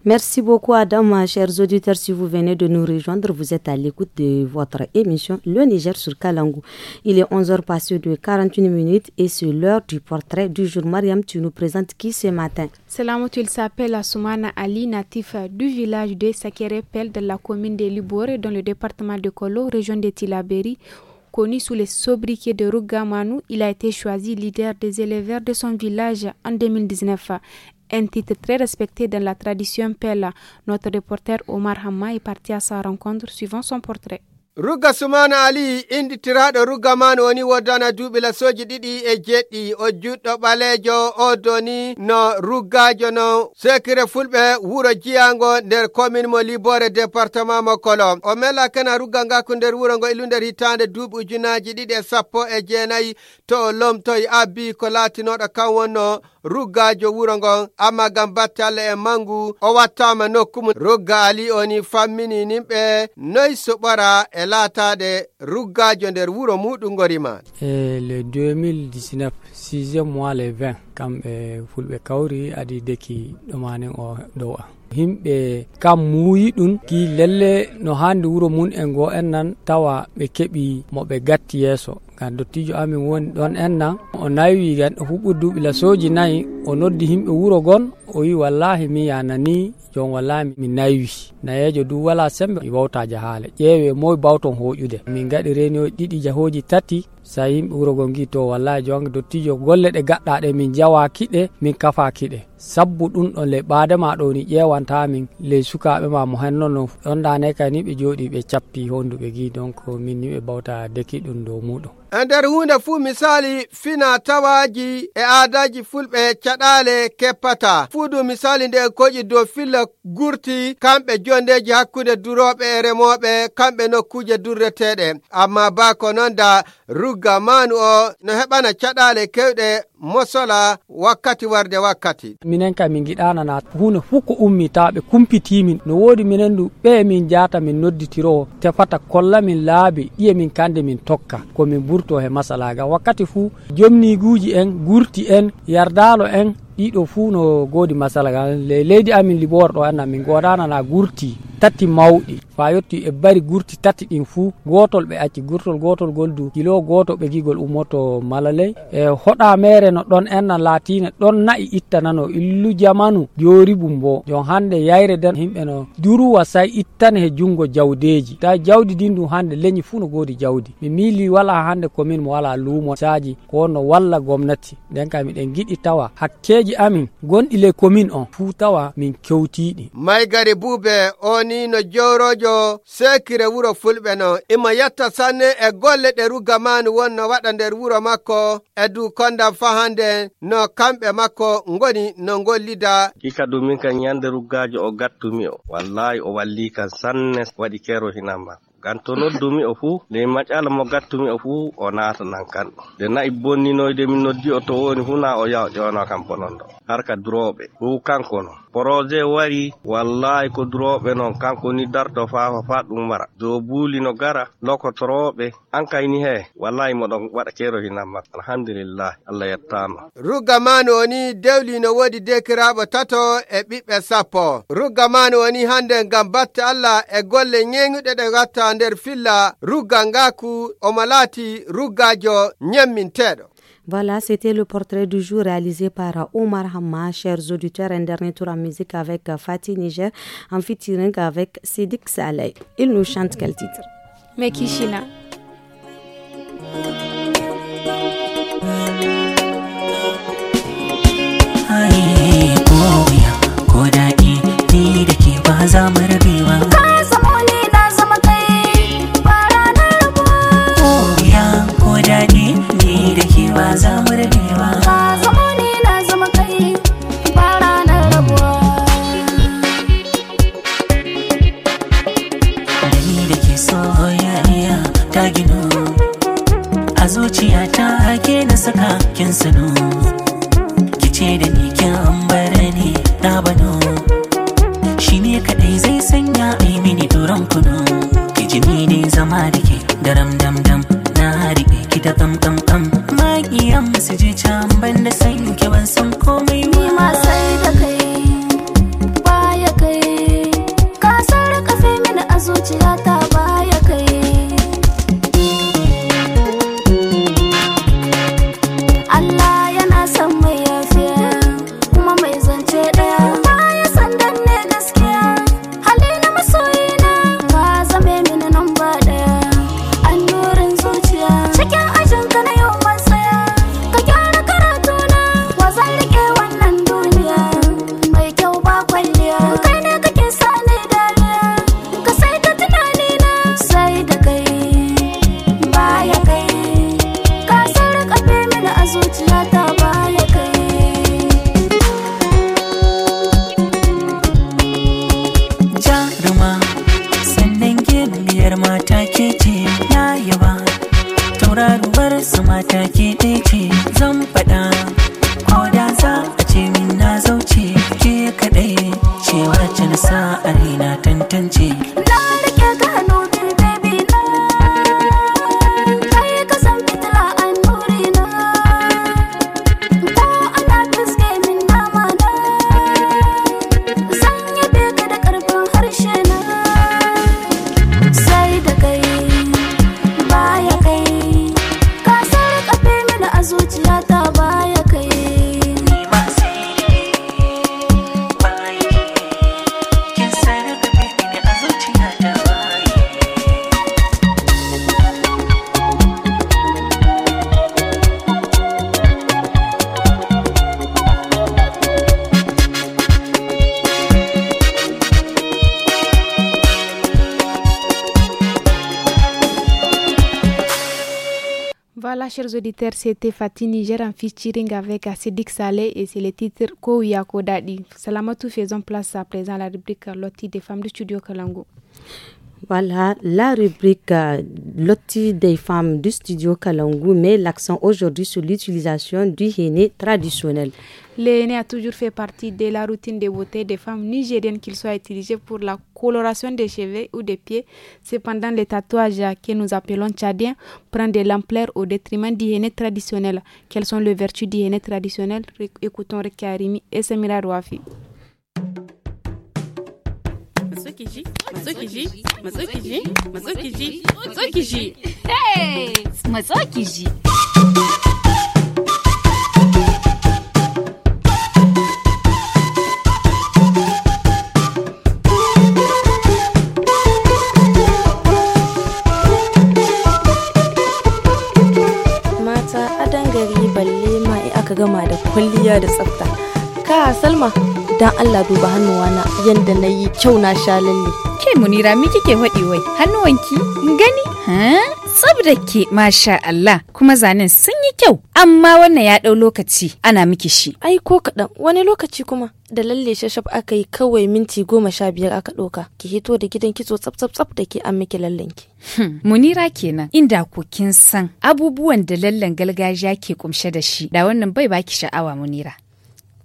Merci beaucoup Adam, chers auditeurs. Si vous venez de nous rejoindre, vous êtes à l'écoute de votre émission Le Niger sur Kalangou. Il est 11h passé de 41 minutes et c'est l'heure du portrait du jour. Mariam, tu nous présentes qui ce matin Salamout, il s'appelle Assoumana Ali, natif du village de Sakerepel de la commune de Liboré dans le département de Kolo, région de Tilaberi. Connu sous les sobriquets de Rugamanu, il a été choisi leader des éleveurs de son village en 2019 un titre très respecté dans la tradition Pella. Notre reporter Omar Hamma est parti à sa rencontre suivant son portrait. rugga sumana ali inditiraɗo rugga man woni woddana duuɓi lasoji ɗiɗi e jeɗɗi o juɗɗo ɓaleejo o doni no ruggajo no sekire fulɓe wuro jiyango nder commune mo libore département mo kolo o mela kena rugga ngako nder wuro ngo ilu e nder hitande duuɓi ujunaji ɗiɗi e sappo e jeenayi to o lomtoye abbi ko latinoɗo kan wonno ruggajo wuro ngon amma gam batte allah e mangu o wattama nokkumu rugga ali oni fammini nimɓe noyi soɓora e e laataɗe ruggajo nder wuro muɗum gori man e le 2019 6 mois le 20 kamɓe fulɓe kawri adi deki ɗumanen o dow a himɓe kam muuyi ɗum ki lelle no haandi wuro mum en ngo en nan tawa ɓe keɓi mo ɓe gatti yeeso gam dottijo amin woni ɗon en nan o nayi wigan o huɓɓu duuɓi lasoji nayi o noddi himɓe wuro gon o wi wallahi mi yanani jon wallahi mi naywi nayejo du wala sembe wawtaja haale ƴeewe moye bawton hoƴude min gaɗi reniyoji ɗiɗi jahoji tati sa yimɓe wuuro ngo gi to wallahi jonga dottijo golle ɗe gaɗɗa ɗe min jawakiɗe min kafakiɗe sabbu ɗum ɗon le ɓadema ɗo ni ƴewantamin le sukaɓe ma mo hennono ɗon dane kani ɓe jooɗi ɓe cappi honduɓe gui donc min ni ɓe bawta deki ɗum dow muɗum e nder hunde fuu misali fina tawaji e aadaji fulɓe caɗaale keppata fuu du misali nde koƴi dow filla gurti kamɓe jondeji hakkunde durooɓe e remooɓe kamɓe nokkuuje durreteeɗe amma ba ko noon da rugga manu o no heɓana caɗaale kewɗe mosola wakkati warde wakkati minen kam min giɗa nana hunde fuko ummi ta ɓe kumpitimin no wodi minen du ɓe min jata min nodditiro tefata kollamin laabi ɗiye min kande min tokka komin ɓurto he masalaga wakkati fuu jomniguji en gurti en yardalo en ɗiɗo fuu no goodi masala ga le leydi amin libor ɗo anna min godanana gurti tati mawɗi fa yetti e bari gurti tati ɗin fuu gotol ɓe acci gurtol gotol gol du kilo goto ɓe gigol ummoto malaley e hoɗa mere no ɗon enna latina ɗon nayi ittanano illu jamanu joribum bo jon hande yayre den himɓe no duruwa say ittan he junggo jawdeji ta jawdi din ɗum hande leñi fuu no godi jawdi mi miili wala hande commune mo wala luumo saji ko no walla gomnati nden ka miɗen giɗi tawa hakke kujeji amin gonɗi ley komin on fuu tawa min kewtiɗi maygari buube oni no jowrojo sekire wuro fulɓe no ima yetta sanne e golle ɗe rugamani wonno waɗa nder wuro makko e du konda fahande no kamɓe makko ngoni no gollida kika ɗum min kan yande ruggajo o gattumi o wallahi o walli kan sanne waɗi kero hinan makko ngam to noddumi o fuu nde maƴala mo gattumi o fuu o naata nan kan nde nayi bonninoyde mi noddi o to woni fuu na o yaw o ƴewna kam bononɗo harka durooɓe ɗum kanko no projet wari wallahi ko durooɓe noon kanko ni darto faafa fa ɗum wara do buuli no gara lokotoroɓe an kayni he wallahi moɗon waɗa kerohinam alhamdulillahi allah yettama ruggamani woni dewli no wodi dekiraɓe tato e ɓiɓɓe sappo ruggamani woni hande ngam batte allah e golle ñeŋuɗe ɗe watta nder filla ruggal ngaku omo laati ruggaajo ñemminteɗo Voilà, c'était le portrait du jour réalisé par Omar Hamma. Chers auditeurs, un dernier tour en musique avec Fatih Niger, en featuring avec Sidik Saleh. Il nous chante quel titre Mekishina. zuciya ta hake na saka kin sanu ce da ni kin ambare ni na bano shi ne kadai zai sanya ai mini duran kuno ki ji ni ne zama da ke daram dam dam na riƙe ki da kam kam kam maƙiyan su je can ban da san ki ban san komai ni ma sai ta kai baya kai ka sarrafa mini a zuciyata ta ba 方 c'était Fatih Niger en featuring avec Asidik Saleh et c'est le titre Kouya Kodadi. Salamatou, faisons place à présent à la rubrique Lotti des femmes du studio Kalango. Voilà, la rubrique Lotti euh, Loti des femmes du studio Kalangu met l'accent aujourd'hui sur l'utilisation du henné traditionnel. Les a toujours fait partie de la routine de beauté des femmes nigériennes, qu'ils soient utilisé pour la coloration des cheveux ou des pieds. Cependant, les tatouages que nous appelons tchadiens prennent de l'ampleur au détriment d'hygiène traditionnel. Quelles sont les vertus d'hygiène traditionnel Écoutons Rekarimi et Semira Rouafi. hey gama da kwalliya da tsafta ka salma dan allah duba hannuwana yadda na yi kyau na sha lalle ke munira miki kike faɗi wai hannuwanki gani ha sabda ke masha allah kuma zanen sun kyau amma wannan ya ɗau lokaci ana miki shi. Ai ko kaɗan wani lokaci kuma da lalle shashaf aka yi kawai minti goma sha biyar aka ɗauka ki hito da gidan kitso tsaf tsaf tsaf da ke an miki lallen ki. Hmm, Munira kenan inda ku kin san abubuwan da lallen gargajiya ke kumshe da shi da wannan bai baki sha'awa Munira.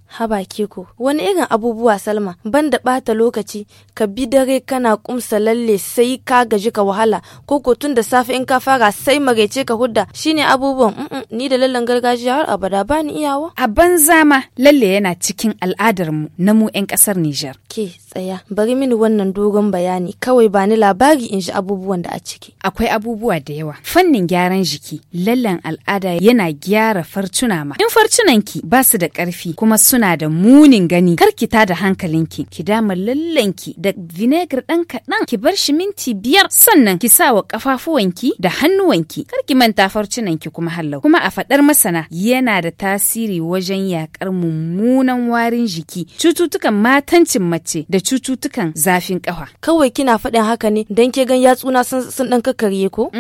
haba ko wani irin abubuwa salma banda bata lokaci ka bi dare kana kumsa lalle sai ka gaji ka wahala ko ko tun da safe in ka fara sai magaice ka hudda shine abubuwan mm -mm, ni da lallan gargajiya har abada bani ni iyawa a banza ma lalle yana cikin al'adar mu na mu yan kasar niger. ke tsaya bari mini wannan dogon bayani kawai bani labari in ji abubuwan da a ciki akwai abubuwa da yawa fannin gyaran jiki lallen al'ada yana gyara farcuna ma in farcunan ki ba su da karfi kuma sun suna da munin gani kar ki da hankalinki ki dama lallanki da vinegar dan kaɗan ki bar shi minti biyar sannan ki sa wa kafafuwanki da hannuwanki kar ki manta farcinanki kuma hallau kuma a faɗar masana yana da tasiri wajen yaƙar mummunan warin jiki cututtukan matancin mace da cututtukan zafin ƙafa. Kawai kina faɗin haka ne dan ke gan yatsuna sun ɗan kakkarye ko?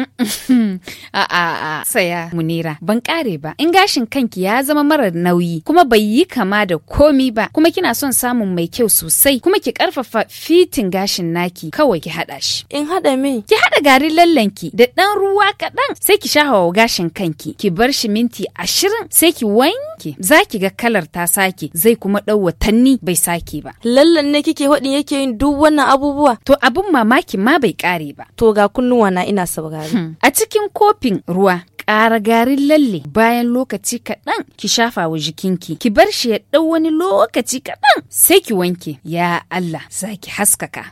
A'a saya munira ban ƙare ba in gashin kanki ya zama mara nauyi kuma bai yi kama da komi ba kuma kina son samun mai kyau sosai kuma ki karfafa fitin gashin naki kawai ki hada shi in hada me ki hada garin lallan ki da dan ruwa kadan sai ki shahawa gashin kanki ki bar shi minti ashirin sai ki wanke zaki ga kalar ta sake zai kuma dau watanni bai sake ba lallan ne kike wadin yake yin duk wannan abubuwa to abin mamaki ma bai kare ba to ga kunnuwa na ina saurari hmm. a cikin kofin ruwa ƙara garin lalle bayan lokaci kaɗan ki shafa wa jikinki ki bar shi ya ɗau wani lokaci kaɗan sai ki wanke ya Allah za ki haskaka.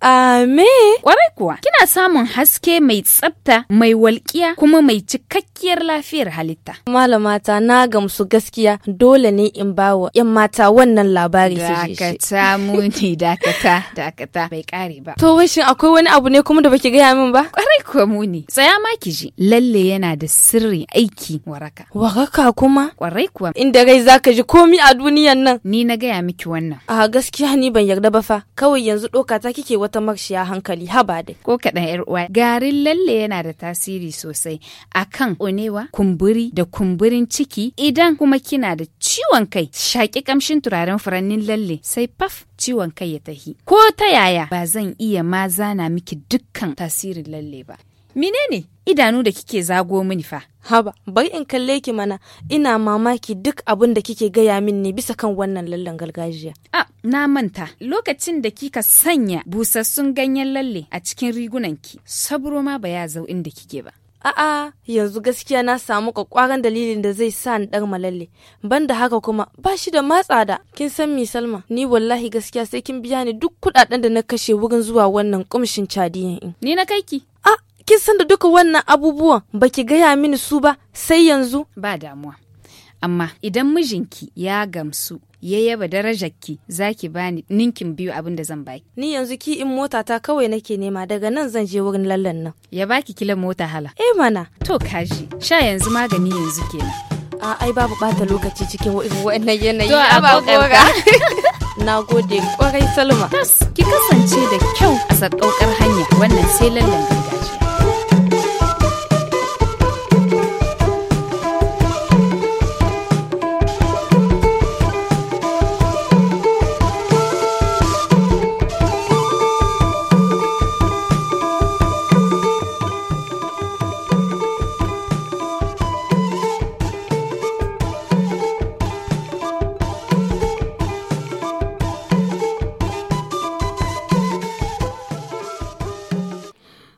A me? Kwarai kuwa kina samun haske mai tsafta mai walƙiya kuma mai cikakkiyar lafiyar halitta. Malamata na gamsu gaskiya dole ne in bawa 'yan mata wannan labari su Dakata muni dakata dakata bai kare ba. To shin akwai wani abu ne kuma da baki gaya min ba? Kwarai kuwa muni tsaya ma ki ji lalle yana da da sirri aiki waraka. Waraka kuma? Kwarai kuwa. Inda gai ka ji komi a duniyan nan. Ni na gaya miki wannan. A gaskiya ni ban yarda ba fa. Kawai yanzu ɗoka ta kike wata makshiya hankali haba dai. Ko kaɗan yar uwa. Garin lalle yana da tasiri sosai akan onewa, kumburi da kumburin ciki idan kuma kina da ciwon kai shaƙi kamshin turaren furannin lalle sai faf ciwon kai ya tahi. Ko ta yaya ba zan iya ma zana miki dukkan tasirin lalle ba. mine ne. idanu da kike zago mini fa. Haba, bai in kalle ki mana ina mamaki duk abin da kike gaya min ne bisa kan wannan lallan gargajiya. a na manta lokacin da kika sanya busassun ganyen lalle a cikin rigunanki, saburo ma ba ya zau inda kike ba. A'a, yanzu gaskiya na samu kwakwaran dalilin da zai sa ni dar malalle. Ban da haka kuma ba shi da matsa da. Kin san mi Salma, ni wallahi gaskiya sai kin biya ni duk kuɗaɗen da na kashe wurin zuwa wannan ƙumshin cadiyan in. Ni na kai ki. kin san da duka wannan abubuwan baki gaya mini su ba sai yanzu? Ba damuwa. Amma idan mijinki ya gamsu ya yaba darajarki za ki bani ninkin biyu abin da zan baki. Ni yanzu ki in mota ta kawai nake nema daga nan zan je wurin lallan nan. Ya baki kila mota hala. Eh mana. To kaji sha yanzu magani yanzu kenan. A ai babu bata lokaci cikin wa'annan yanayi. To a na gode kwarai salma ki kasance da kyau a sakaukar hanya wannan sai lallan gargajiya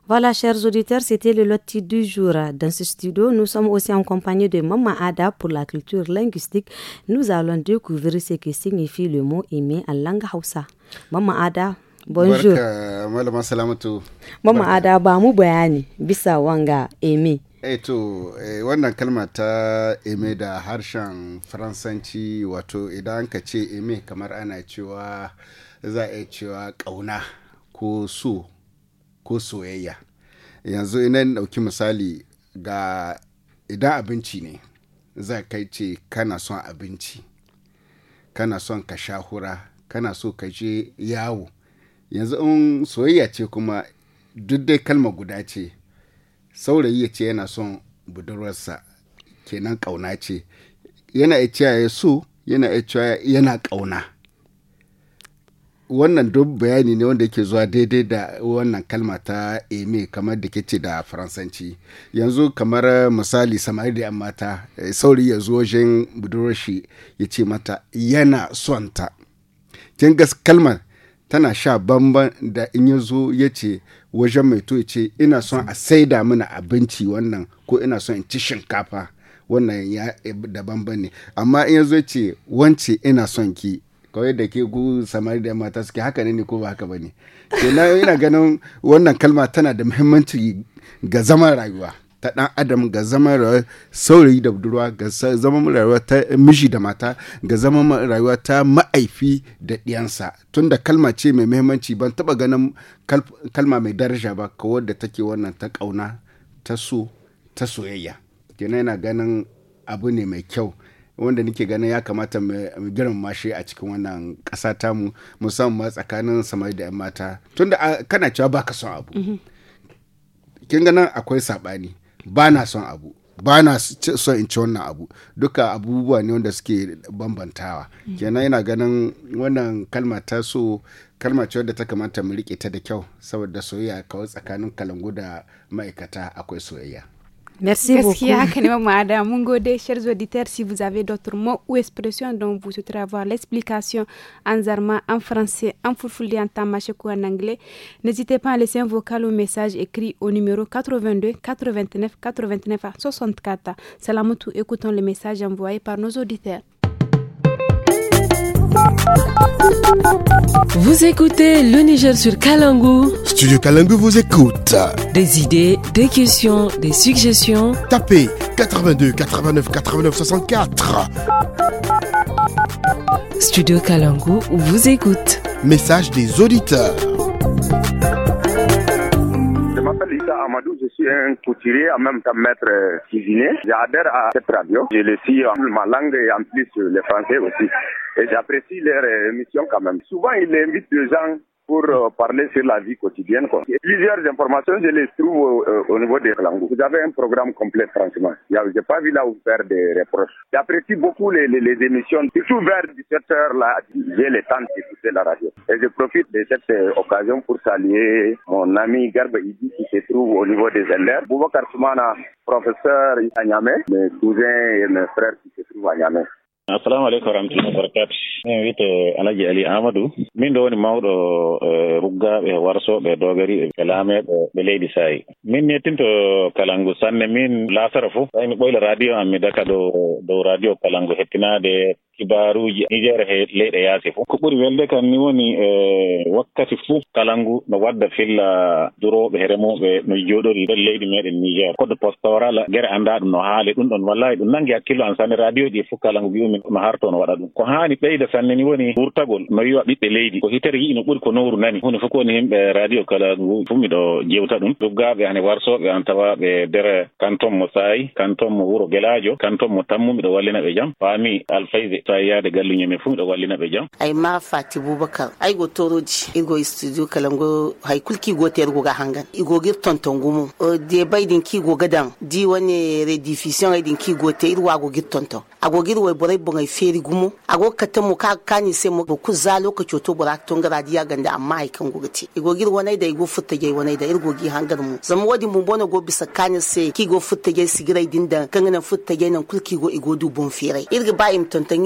Voilà, chers auditeurs, c'était le loti du jour. Dans ce studio, nous sommes aussi en compagnie de Mama Ada pour la culture linguistique. Nous allons découvrir ce que signifie le mot aimé en langue Hausa. Mama Ada, bonjour. Mama salamatu. Mama Ada, ba bayani bisa wanga aimé. Eh to, eh, wannan aimé da harshen wato idan ka aimé kamar za ko soyayya yanzu ina ɗauki misali ga idan abinci ne za kai ce kana son abinci kana son ka shahura, hura kana so ka je yawo yanzu in soyayya ce kuma duk dai kalma guda ce saurayi ya ce yana son budurwarsa kenan ƙauna ce yana iya cewa so yana iya cewa yana ƙauna wannan duk bayani ne wanda yake zuwa daidai da wannan kalma ta eme kamar da ke ce da faransanci yanzu kamar misali samari da mata eh, sauri ya zo wajen budurashi ya ce mata yana son ta kin gas kalmar tana sha bamban da in ya zo ya ce wajen mai to ce ina son a saida mana abinci wannan ko ina son in ci shinkafa wannan ya eh, da bamban ne amma in ya zo ya ce wance ina son ki kawai da ke ku samari da mata suke haka ne ko ba haka ba ne kenan ina ganin wannan kalma tana da muhimmanci ga zaman rayuwa ta dan adam ga zaman rayuwa saurayi da budurwa ga zaman rayuwa ta miji da mata ga zaman rayuwa ta ma'aifi da ɗiyansa da kalma ce mai muhimmanci ban taba ganin kalma mai daraja ba ka wadda take wannan ta kauna ta so ta soyayya kenan yana ganin abu ne mai kyau wanda nake ganin ya kamata mu girmama shi a cikin wannan ƙasa mu musamman tsakanin samari da 'yan mata tunda kana cewa ba ka son abu mm-hmm. kin ganin akwai saɓani ba na son abu ba na son in ci wannan abu duka abubuwa ne wanda suke bambantawa mm-hmm. kenan yana ganin wannan kalma ta so kalma ce wadda ta kamata mu rike ta da kyau saboda soyayya kawai tsakanin kalangu da ma'aikata akwai soyayya Merci beaucoup. Mungode. chers auditeurs, si vous avez d'autres mots ou expressions dont vous souhaitez avoir l'explication en zarma, en français, en foufouli, en en anglais, n'hésitez pas à laisser un vocal ou message écrit au numéro 82 89 89 64. Salamoutou, écoutons les messages envoyés par nos auditeurs. Vous écoutez le Niger sur Kalangou. Studio Kalangou vous écoute. Des idées, des questions, des suggestions. Tapez 82 89 89 64. Studio Kalangou vous écoute. Message des auditeurs. Je m'appelle Issa Amadou, je suis un couturier, en même temps maître euh, cuisinier. J'adhère à cette radio. Je le suis en ma langue et en plus euh, le français aussi. Et j'apprécie leur euh, émission quand même. Souvent, ils invitent des gens pour euh, parler sur la vie quotidienne. Plusieurs informations, je les trouve euh, au niveau des langues. Vous avez un programme complet, franchement. Je n'ai pas vu là où faire des reproches. J'apprécie beaucoup les, les, émissions. Surtout vers 17h, là, j'ai le temps d'écouter la radio. Et je profite de cette occasion pour saluer mon ami Garba Idi qui se trouve au niveau des LR. Boubacar Soumana, professeur à Niamey, mes cousins et mes frères qui se trouvent à Niamey. assalamu aleykum warahmatullahi wabarakatu min wiyte alaji ali amadou min ɗo woni mawɗo eh, ruggaɓe warsoɓe dogari ɓe laameɓe ɓe leydi saayi min yettinto kalangu sanne min lasara fof ay mi ɓoyla radio am mi daka ɗo dow radio kalangu hettinade kibaruji nijeere he leyɗe yaasi fof ko ɓuri welde kam ni woni e wakkati fuu kalangu no wadda filla durooɓe e remooɓe no jooɗori e nder leydi meɗen niger code postoral gere annda ɗum no haali ɗum ɗon wallahi ɗum nangi hakkillo an sanne radio ji fof kalangu mbi'umin no harto no waɗa ɗum ko haani ɓeyda sanne ni woni wurtagol no yiwa ɓiɓɓe leydi ko hitere yi'i no ɓuri ko nowru nani hunde fof ko woni yimɓe radio kalangu fuu miɗo jewta ɗum duggaaɓe hane warsoɓe an tawaɓe nder canton mo saayi canton mo wuro gelaajo canton mo tammu miɗo wallina ɓe jam faami alfayde ta yaade galluñumen fuu ɗo wallina ɓe jaam ay ma fati boubacar ay go toroji igo studio kalango hay kulki go tergo ga hangan igo gir tonton gumu de baydin ki go gadan di woni rediffusion ay din ki go te irwa go gir tonton ago gir way boray bongay feri gumu ago katamu ka kani se mo ku za lokaci to bora tongara diya ganda amma ay kan go gati igo gir wonay da igo futta gay wonay da irgo gi hangan mu zama wadi mu bona go bisa kani se ki go futta gay sigirai dinda kangana futta gay nan kulki go igo du bon ferai irga ba im tonton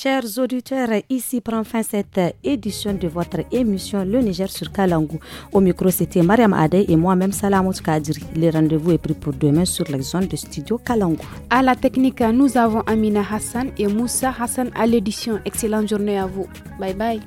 Chers auditeurs, ici prend fin cette édition de votre émission Le Niger sur Kalangou. Au micro, c'était Mariam Adey et moi-même Salamot Kadri. Le rendez-vous est pris pour demain sur la zone de studio Kalangou. À la technique, nous avons Amina Hassan et Moussa Hassan à l'édition. Excellente journée à vous. Bye bye.